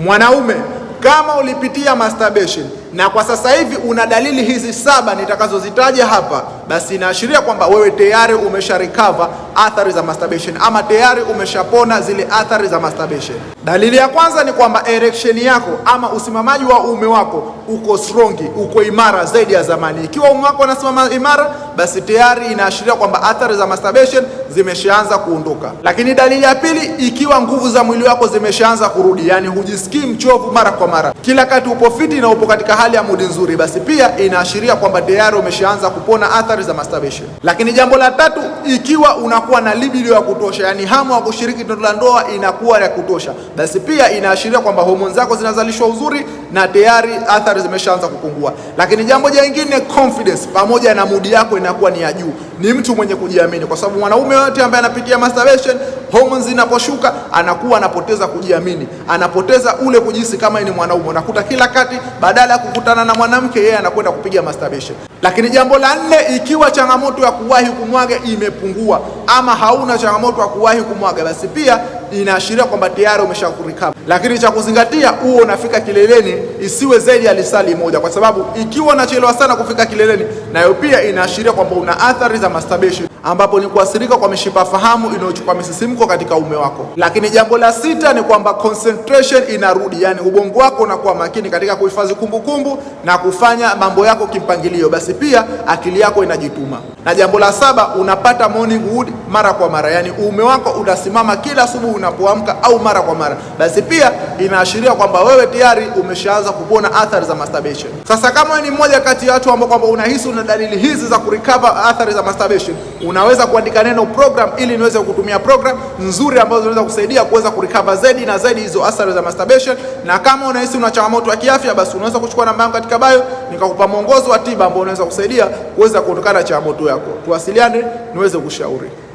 Mwanaume, kama ulipitia masturbation na kwa sasa hivi una dalili hizi saba nitakazozitaja hapa, basi inaashiria kwamba wewe tayari umesha recover athari za masturbation, ama tayari umeshapona zile athari za masturbation. Dalili ya kwanza ni kwamba erection yako ama usimamaji wa uume wako uko strong, uko imara zaidi ya zamani. Ikiwa uume wako unasimama imara, basi tayari inaashiria kwamba athari za masturbation zimeshaanza kuondoka. Lakini dalili ya pili, ikiwa nguvu za mwili wako zimeshaanza kurudi, yani hujisikii mchovu mara kwa mara, kila kati upo fiti na upo katika hali ya mudi nzuri, basi pia inaashiria kwamba tayari umeshaanza kupona athari za masturbation. Lakini jambo la tatu, ikiwa unakuwa na libido ya kutosha, yani hamu ya kushiriki tendo la ndoa inakuwa ya kutosha, basi pia inaashiria kwamba homoni zako zinazalishwa uzuri na tayari athari zimeshaanza kupungua. Lakini jambo jingine, confidence pamoja na mudi yako inakuwa ni ya juu, ni mtu mwenye kujiamini, kwa sababu mwanaume yote ambaye anapitia masturbation Homoni zinaposhuka anakuwa anapoteza kujiamini, anapoteza ule kujisi kama ni mwanaume. Unakuta kila kati, badala ya kukutana na mwanamke, yeye anakwenda kupiga masturbation. Lakini jambo la nne, ikiwa changamoto ya kuwahi kumwaga imepungua ama hauna changamoto ya kuwahi kumwaga, basi pia inaashiria kwamba tayari umeshakurikaba. Lakini cha kuzingatia, huo unafika kileleni isiwe zaidi ya lisali moja, kwa sababu ikiwa unachelewa sana kufika kileleni, nayo pia inaashiria kwamba una athari za masturbation ambapo ni kuathirika kwa mishipa fahamu inayochukua misisimko katika ume wako. Lakini jambo la sita ni kwamba concentration inarudi, yani ubongo wako unakuwa makini katika kuhifadhi kumbukumbu na kufanya mambo yako kimpangilio, basi pia akili yako inajituma. Na jambo la saba, unapata morning wood mara kwa mara, yani uume wako unasimama kila asubuhi unapoamka au mara kwa mara, basi pia inaashiria kwamba wewe tayari umeshaanza kuona athari za masturbation. Sasa kama ni mmoja kati ya watu ambao kwamba unahisi una dalili hizi za kurecover athari za masturbation, una Unaweza kuandika neno program ili niweze kutumia program nzuri ambazo zinaweza kusaidia kuweza kurecover zaidi na zaidi hizo athari za masturbation. Na kama unahisi una changamoto ya kiafya, basi unaweza kuchukua namba yangu katika bio nikakupa mwongozo wa tiba ambao unaweza kusaidia kuweza kuondokana na changamoto yako. Tuwasiliane niweze kushauri.